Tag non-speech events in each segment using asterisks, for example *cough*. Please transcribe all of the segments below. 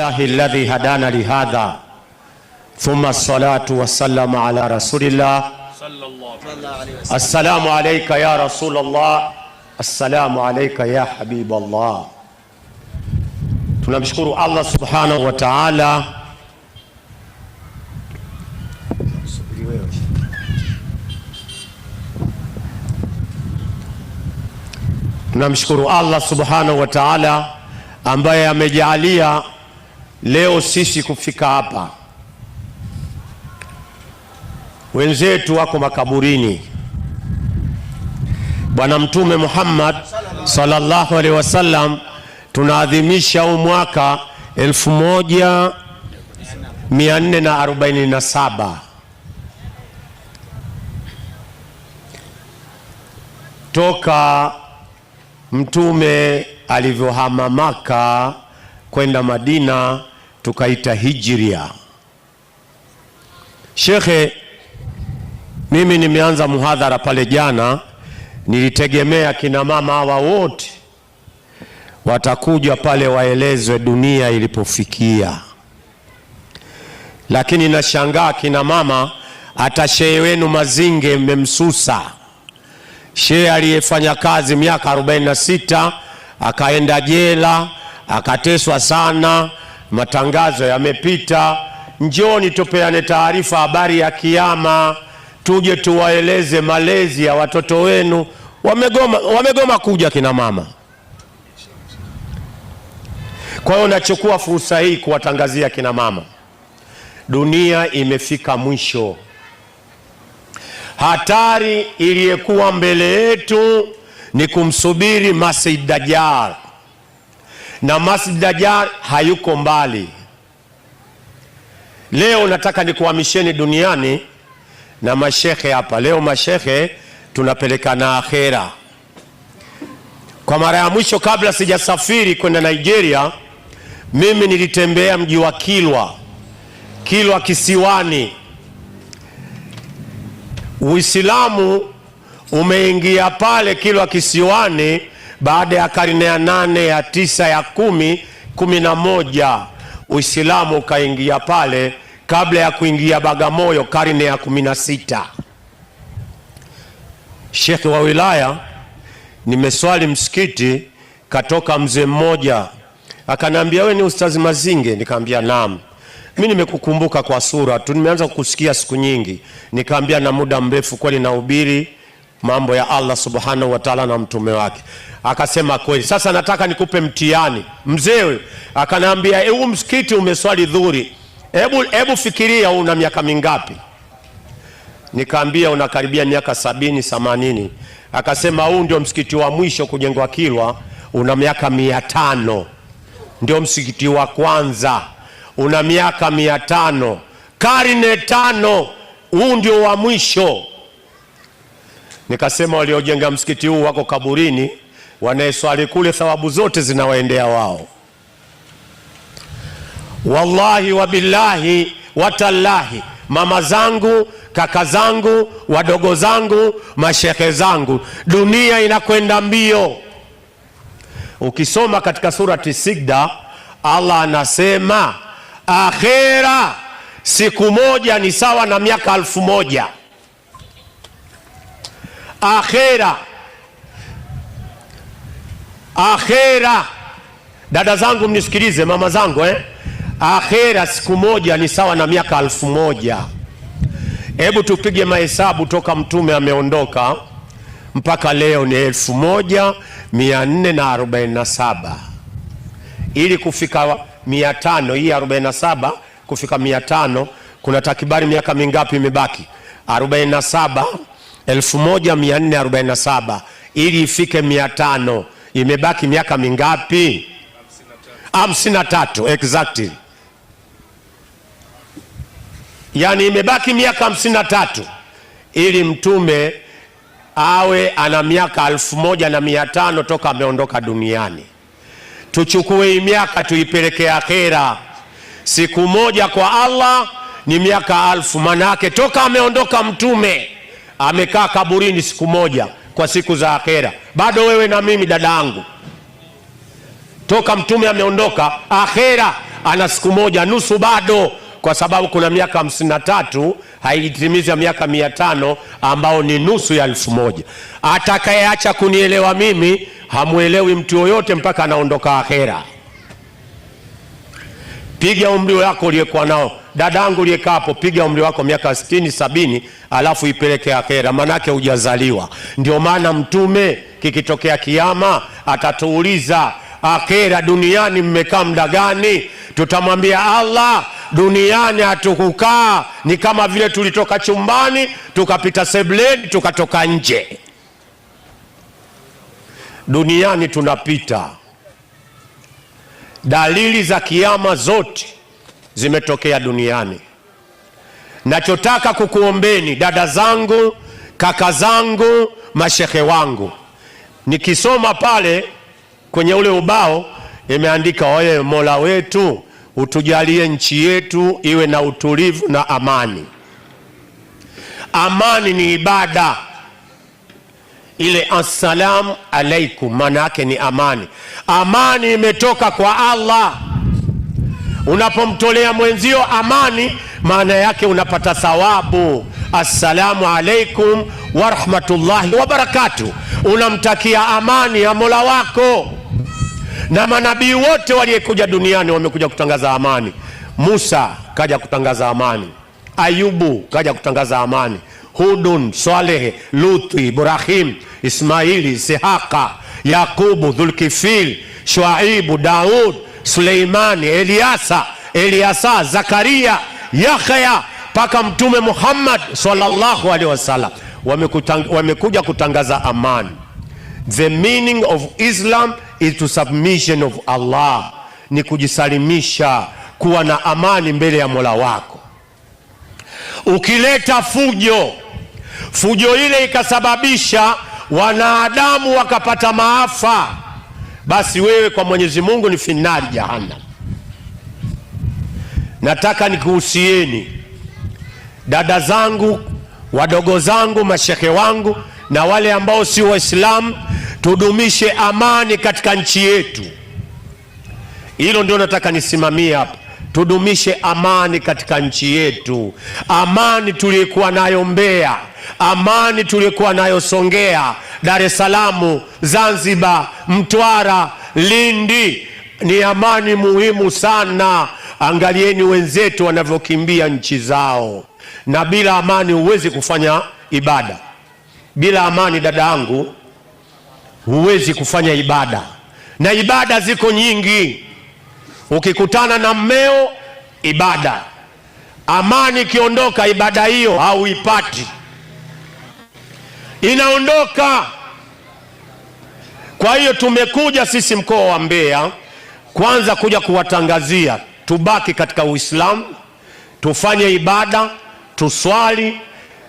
Alhamdulillahi alladhi hadana lihadha thumma salatu wassalamu ala rasulillah. Assalamu alayka ya Rasulullah, assalamu alayka ya Habiballah. Tunamshukuru Allah subhanahu wa ta'ala tunamshukuru Allah subhanahu wa ta'ala ambaye amejaalia Leo sisi kufika hapa, wenzetu wako makaburini. Bwana Mtume Muhammad sallallahu alaihi wasallam tunaadhimisha huu mwaka 1447 toka mtume alivyohama Maka kwenda Madina tukaita hijria. Shekhe, mimi nimeanza muhadhara pale jana, nilitegemea kina mama hawa wote watakuja pale waelezwe dunia ilipofikia, lakini nashangaa kina mama, hata shehe wenu Mazinge mmemsusa. Shehe aliyefanya kazi miaka 46 akaenda jela akateswa sana, matangazo yamepita. Njoni tupeane taarifa, habari ya Kiama, tuje tuwaeleze malezi ya watoto wenu. Wamegoma, wamegoma kuja kina mama. Kwa hiyo nachukua fursa hii kuwatangazia kina mama, dunia imefika mwisho. Hatari iliyekuwa mbele yetu ni kumsubiri Masih Dajjal na Masjid Dajjal hayuko mbali. Leo nataka nikuhamisheni duniani na mashekhe hapa. Leo mashekhe tunapelekana akhera. Kwa mara ya mwisho kabla sijasafiri kwenda Nigeria, mimi nilitembea mji wa Kilwa, Kilwa Kisiwani. Uislamu umeingia pale Kilwa Kisiwani baada ya karne ya nane ya tisa ya kumi kumi na moja Uislamu ukaingia pale, kabla ya kuingia Bagamoyo karne ya kumi na sita. Shekhe wa wilaya, nimeswali msikiti, katoka mzee mmoja akaniambia, we ni Ustazi Mazinge? nikaambia nam Mi nimekukumbuka kwa sura tu, nimeanza kukusikia siku nyingi. Nikaambia na muda mrefu kweli ubiri mambo ya Allah subhanahu wa ta'ala na mtume wake. Akasema kweli, sasa nataka nikupe mtihani. Mzee akanaambia, eh, huu msikiti umeswali dhuri hebu hebu fikiria una miaka mingapi? Nikaambia unakaribia miaka sabini themanini. Akasema huu ndio msikiti wa mwisho kujengwa Kilwa, una miaka mia tano. Ndio msikiti wa kwanza, una miaka mia tano, karne tano. Huu ndio wa mwisho. Nikasema waliojenga msikiti huu wako kaburini, wanaeswali kule thawabu zote zinawaendea wao. Wallahi wabillahi watallahi, mama zangu, kaka zangu, wadogo zangu, mashehe zangu, dunia inakwenda mbio. Ukisoma katika surati Sigda, Allah anasema akhera siku moja ni sawa na miaka alfu moja akhera, akhera. Dada zangu mnisikilize, mama zangu eh? Akhera siku moja ni sawa na miaka alfu moja. Hebu tupige mahesabu toka mtume ameondoka mpaka leo ni elfu moja mia nne na arobaini na saba ili kufika mia tano hii arobaini na saba kufika mia tano kuna takribani miaka mingapi imebaki? arobaini na saba 1447 ili ifike 500. Imebaki miaka mingapi? 53, exactly. Yani imebaki miaka 53 ili mtume awe ana miaka 1500 toka ameondoka duniani. Tuchukue hii miaka tuipeleke akhera. Siku moja kwa Allah ni miaka alfu, manake toka ameondoka mtume amekaa kaburini siku moja kwa siku za akhera. Bado wewe na mimi dada yangu, toka mtume ameondoka akhera, ana siku moja nusu bado, kwa sababu kuna miaka hamsini na tatu haijitimiza miaka mia tano ambao ni nusu ya elfu moja. Atakayeacha kunielewa mimi, hamwelewi mtu yoyote mpaka anaondoka akhera piga umri wako uliyekuwa nao. Dadangu uliyekaa hapo, piga umri wako miaka sitini sabini, alafu ipeleke akhera, manake hujazaliwa. Ndio maana Mtume, kikitokea kiama, atatuuliza akhera, duniani mmekaa muda gani? Tutamwambia Allah, duniani hatukukaa, ni kama vile tulitoka chumbani tukapita sebleni tukatoka nje. Duniani tunapita Dalili za kiama zote zimetokea duniani. Nachotaka kukuombeni dada zangu, kaka zangu, mashehe wangu, nikisoma pale kwenye ule ubao imeandika oye, Mola wetu utujalie nchi yetu iwe na utulivu na amani. Amani ni ibada ile, assalamu alaikum, maana yake ni amani. Amani imetoka kwa Allah. Unapomtolea mwenzio amani, maana yake unapata thawabu. Assalamu alaikum warahmatullahi wabarakatuh. Unamtakia amani ya mola wako, na manabii wote waliyekuja duniani wamekuja kutangaza amani. Musa kaja kutangaza amani, Ayubu kaja kutangaza amani, Hudun, Swalehe, Luthi, Ibrahim, Ismaili, sihaka Yakubu, Dhulkifil, Shuaibu, Daud, Suleimani, Eliasa, Eliasa, Zakaria, Yahya mpaka Mtume Muhammad sallallahu alaihi wasallam wamekuja kutangaza amani. The meaning of Islam is to submission of Allah, ni kujisalimisha, kuwa na amani mbele ya Mola wako. Ukileta fujo, fujo ile ikasababisha wanadamu wakapata maafa, basi wewe kwa Mwenyezi Mungu ni finali jahannam. Nataka nikuhusieni dada zangu, wadogo zangu, mashehe wangu na wale ambao si Waislamu, tudumishe amani katika nchi yetu. Hilo ndio nataka nisimamie hapa. Tudumishe amani katika nchi yetu, amani tuliyokuwa nayo Mbeya amani tuliyokuwa nayo Songea, Dar es Salaam, Zanzibar, Mtwara, Lindi ni amani muhimu sana. Angalieni wenzetu wanavyokimbia nchi zao, na bila amani huwezi kufanya ibada. Bila amani, dada yangu, huwezi kufanya ibada, na ibada ziko nyingi. Ukikutana na mmeo, ibada. Amani ikiondoka, ibada hiyo hauipati inaondoka. Kwa hiyo tumekuja sisi mkoa wa Mbeya kwanza kuja kuwatangazia tubaki katika Uislamu, tufanye ibada, tuswali,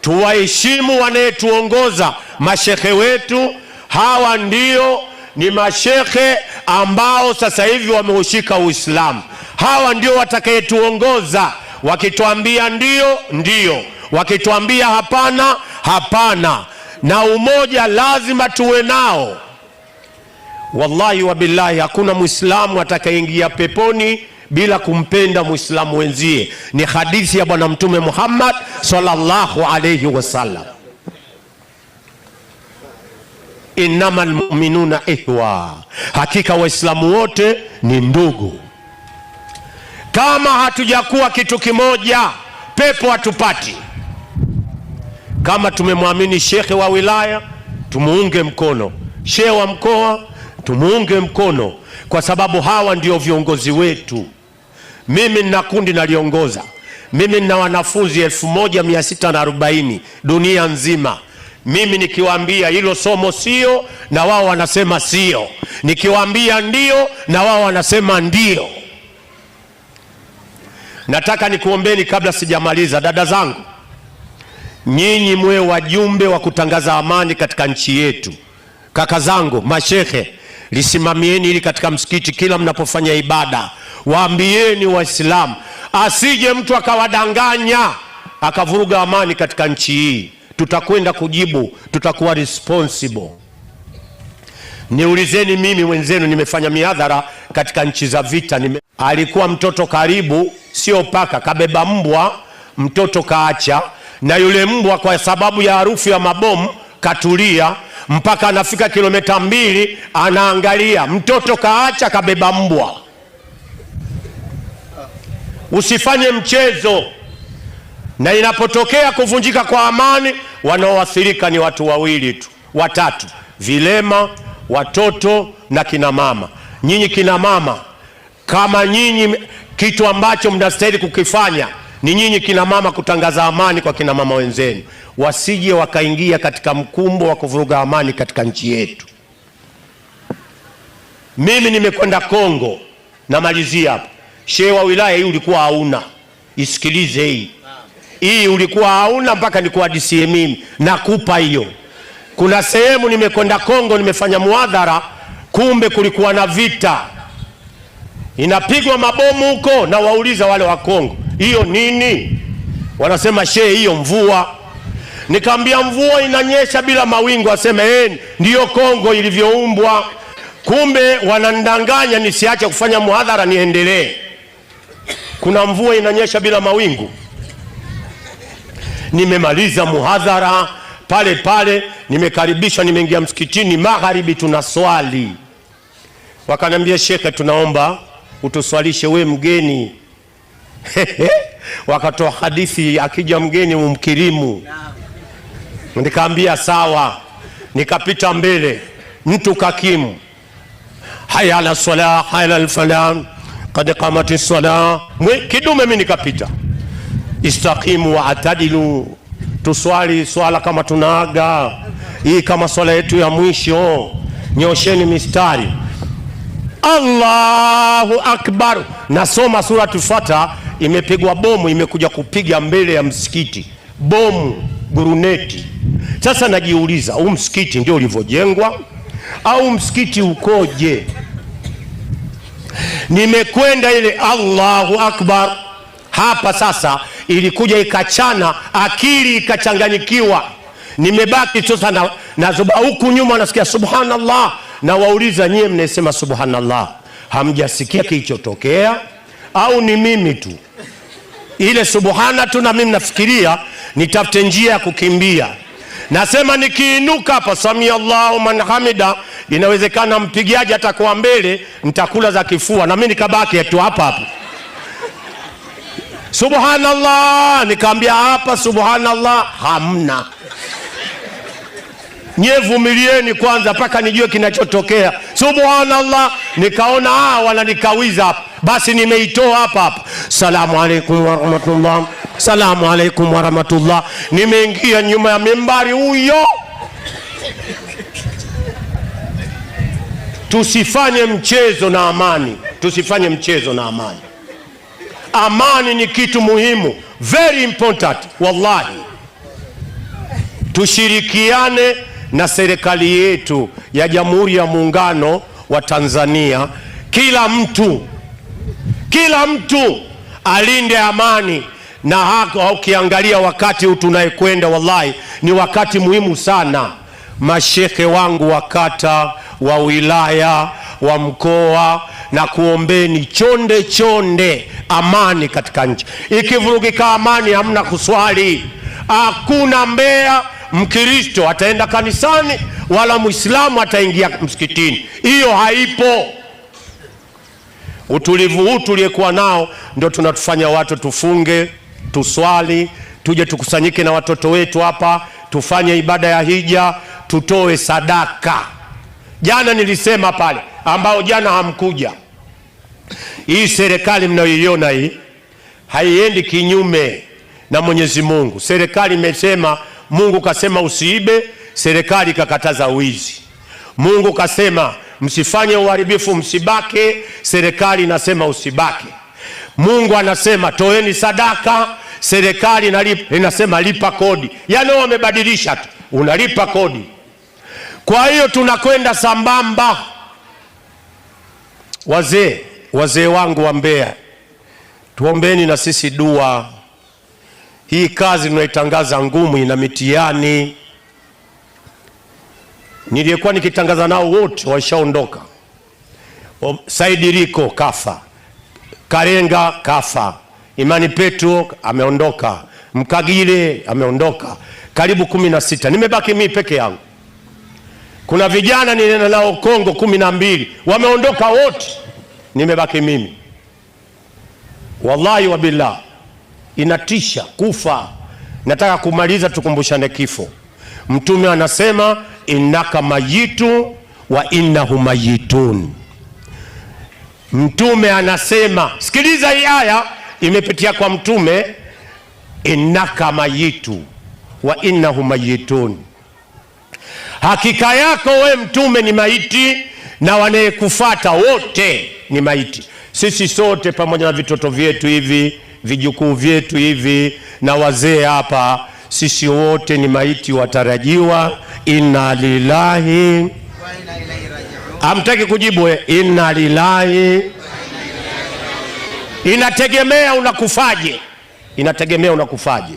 tuwaheshimu wanayetuongoza mashehe wetu. Hawa ndio ni mashehe ambao sasa hivi wameushika Uislamu. Hawa ndio watakayetuongoza, wakituambia ndio ndio, wakituambia hapana hapana na umoja lazima tuwe nao. Wallahi wa billahi hakuna mwislamu atakayeingia peponi bila kumpenda mwislamu wenzie. Ni hadithi ya Bwana Mtume Muhammad sallallahu alayhi wasallam, innama lmuminuna ihwa, hakika waislamu wote ni ndugu. Kama hatujakuwa kitu kimoja, pepo hatupati. Kama tumemwamini shekhe wa wilaya, tumuunge mkono. Shehe wa mkoa, tumuunge mkono, kwa sababu hawa ndio viongozi wetu. Mimi nina kundi naliongoza, mimi nina wanafunzi 1640 dunia nzima. Mimi nikiwaambia hilo somo sio, na wao wanasema sio. Nikiwaambia ndio, na wao wanasema ndio. Nataka nikuombeni, kabla sijamaliza, dada zangu nyinyi mwe wajumbe wa kutangaza amani katika nchi yetu. Kaka zangu mashehe, lisimamieni ili katika msikiti, kila mnapofanya ibada, waambieni Waislamu, asije mtu akawadanganya akavuruga amani katika nchi hii. Tutakwenda kujibu, tutakuwa responsible. Niulizeni mimi wenzenu nimefanya mihadhara katika nchi za vita nime... alikuwa mtoto karibu, sio paka, kabeba mbwa, mtoto kaacha na yule mbwa kwa sababu ya harufu ya mabomu katulia mpaka anafika kilomita mbili, anaangalia mtoto kaacha kabeba mbwa. Usifanye mchezo. Na inapotokea kuvunjika kwa amani, wanaoathirika ni watu wawili tu watatu, vilema, watoto na kina mama. Nyinyi kina mama, kama nyinyi, kitu ambacho mnastahili kukifanya ni nyinyi kina mama kutangaza amani kwa kina mama wenzenu, wasije wakaingia katika mkumbo wa kuvuruga amani katika nchi yetu. Mimi nimekwenda Kongo, namalizia hapo. Shehe wa wilaya hii ulikuwa hauna, isikilize hii hii, ulikuwa hauna mpaka nikuwa mimi, nakupa hiyo. Kuna sehemu nimekwenda Kongo, nimefanya muadhara, kumbe kulikuwa na vita, inapigwa mabomu huko, na wauliza wale wa Kongo hiyo nini? Wanasema shehe, hiyo mvua. Nikamwambia mvua inanyesha bila mawingu, aseme eh, ndiyo Kongo ilivyoumbwa. Kumbe wanandanganya nisiache kufanya muhadhara, niendelee. Kuna mvua inanyesha bila mawingu. Nimemaliza muhadhara pale pale, nimekaribishwa, nimeingia msikitini. Magharibi tuna swali, wakaniambia shekhe, tunaomba utuswalishe we mgeni *laughs* wakatoa hadithi, akija mgeni umkirimu. Nikaambia sawa, nikapita mbele, mtu kakimu, haya ala sala, haya ala falah, kad qamati sala, kidume. Mimi nikapita, istaqimu wa atadilu, tuswali swala kama tunaaga hii, kama swala yetu ya mwisho, nyosheni mistari. Allahu akbar, nasoma sura tufata imepigwa bomu, imekuja kupiga mbele ya msikiti bomu, guruneti. Sasa najiuliza, huu msikiti ndio ulivyojengwa au msikiti ukoje? Nimekwenda ile Allahu Akbar hapa sasa, ilikuja ikachana akili ikachanganyikiwa, nimebaki tu sana nazoba huku nyuma, nasikia subhanallah. Nawauliza nyie, mnasema subhanallah, hamjasikia kilichotokea au ni mimi tu? ile subhana tu, na mimi nafikiria nitafute njia ya kukimbia. Nasema nikiinuka hapa samia Allahu man hamida, inawezekana mpigaji atakuwa mbele, nitakula za kifua na mimi nikabaki tu hapa hapa. Subhanallah, nikaambia hapa subhanallah, hamna Nye vumilieni kwanza mpaka nijue kinachotokea. Subhanallah, nikaona ah, wananikawiza hapa basi nimeitoa hapa hapa. Salamu wa warahmatullah, salamu wa rahmatullah. Nimeingia nyuma ya mimbari huyo. Tusifanye mchezo na amani, tusifanye mchezo na amani. Amani ni kitu muhimu, very important. Wallahi, tushirikiane na serikali yetu ya Jamhuri ya Muungano wa Tanzania, kila mtu kila mtu alinde amani na haka. Ukiangalia wakati huu tunayekwenda, wallahi ni wakati muhimu sana. Mashekhe wangu wa kata, wa wilaya, wa mkoa, na kuombeni chonde chonde amani katika nchi. Ikivurugika amani, hamna kuswali, hakuna Mbeya Mkristo ataenda kanisani wala Mwislamu ataingia msikitini, hiyo haipo. Utulivu huu tuliyekuwa nao ndio tunatufanya watu tufunge, tuswali, tuje tukusanyike na watoto wetu hapa, tufanye ibada ya hija, tutoe sadaka. Jana nilisema pale, ambao jana hamkuja, hii serikali mnayoiona hii haiendi kinyume na Mwenyezi Mungu. Serikali imesema, Mungu kasema usiibe, serikali ikakataza wizi. Mungu kasema msifanye uharibifu, msibake. Serikali inasema usibake. Mungu anasema toeni sadaka, serikali inasema lipa kodi. Yani wamebadilisha tu, unalipa kodi. Kwa hiyo tunakwenda sambamba. Wazee, wazee wangu wa Mbeya, tuombeni na sisi dua. Hii kazi tunaitangaza ngumu, ina mitihani niliyekuwa nikitangaza nao wote waishaondoka. Saidi Riko kafa, Karenga kafa, Imani Petro ameondoka, Mkagile ameondoka, karibu kumi na sita. Nimebaki mimi peke yangu. Kuna vijana nilienda nao Kongo kumi na mbili wameondoka wote, nimebaki mimi. Wallahi wabillah, inatisha kufa. Nataka kumaliza, tukumbushane kifo. Mtume anasema innaka mayitu wa innahu mayitun. Mtume anasema, sikiliza hii aya imepitia kwa mtume, innaka mayitu wa innahu mayitun, hakika yako we mtume ni maiti na wanayekufata wote ni maiti. Sisi sote pamoja na vitoto vyetu hivi vijukuu vyetu hivi na wazee hapa sisi wote ni maiti watarajiwa. Inna lillahi amtaki kujibu eh? Inna lillahi, inategemea unakufaje, inategemea unakufaje.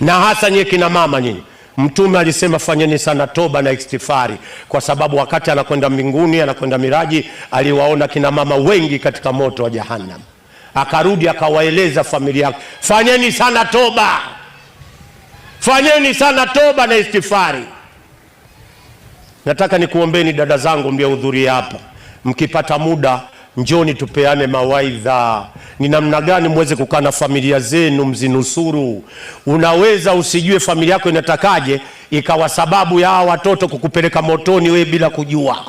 Na hasa nyie kina mama nyinyi Mtume alisema fanyeni sana toba na istighfari, kwa sababu wakati anakwenda mbinguni, anakwenda miraji, aliwaona kina mama wengi katika moto wa Jahannam, akarudi akawaeleza familia yake, fanyeni sana toba. Fanyeni sana toba na istifari Nataka nikuombeni dada zangu mliohudhuria hapa, mkipata muda njoni tupeane mawaidha ni namna gani muweze kukaa na familia zenu mzinusuru. Unaweza usijue familia yako inatakaje, ikawa sababu ya hawa watoto kukupeleka motoni wewe bila kujua.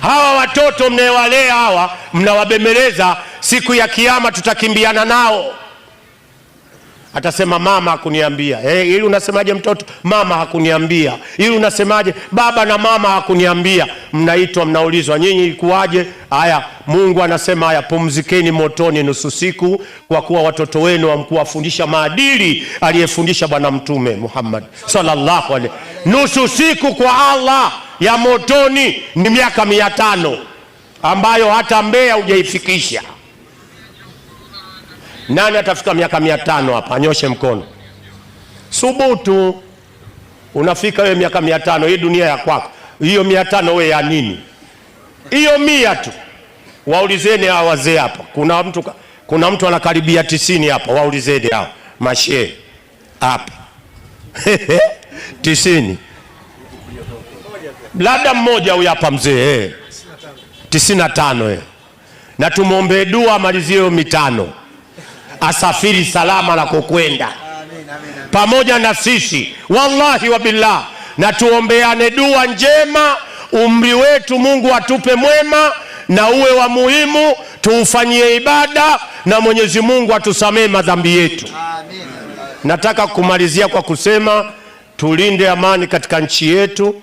Hawa watoto mnayewalea hawa, mnawabemeleza, siku ya Kiyama tutakimbiana nao atasema mama hakuniambia. Eh, ili unasemaje mtoto? Mama hakuniambia. Ili unasemaje? Baba na mama hakuniambia. Mnaitwa, mnaulizwa, nyinyi ilikuwaje? Haya, Mungu anasema haya, pumzikeni motoni nusu siku, kwa kuwa watoto wenu hamkuwafundisha maadili aliyefundisha Bwana Mtume Muhammad sallallahu alaihi. Nusu siku kwa Allah ya motoni ni miaka mia tano ambayo hata mbea hujaifikisha. Nani atafika miaka mia tano hapa anyoshe mkono. Subutu, unafika wewe miaka mia tano hii dunia ya kwako hiyo. Mia tano wewe ya nini hiyo? Mia tu waulizeni hawa wazee hapa. Kuna mtu, kuna mtu anakaribia tisini hapa, waulizeni hawa mashehe hapa *laughs* tisini, labda mmoja huyu hapa mzee eh. tisini na tano eh. na tumwombee dua amalizie hiyo mitano asafiri salama na kukwenda pamoja na sisi, wallahi wa billah, na tuombeane dua njema. Umri wetu Mungu atupe mwema na uwe wa muhimu, tuufanyie ibada na Mwenyezi Mungu atusamee madhambi yetu. Amin. Nataka kumalizia kwa kusema tulinde amani katika nchi yetu,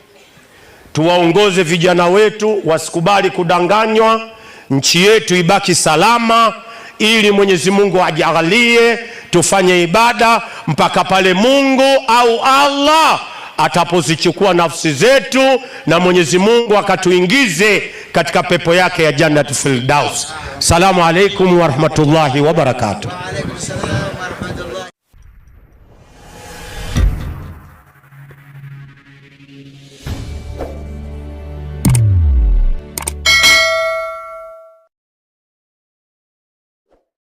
tuwaongoze vijana wetu wasikubali kudanganywa, nchi yetu ibaki salama ili Mwenyezi Mungu ajalie tufanye ibada mpaka pale Mungu au Allah atapozichukua nafsi zetu na Mwenyezi Mungu akatuingize katika pepo yake ya Jannatul Firdaus. Salamu alaikum warahmatullahi wabarakatuh.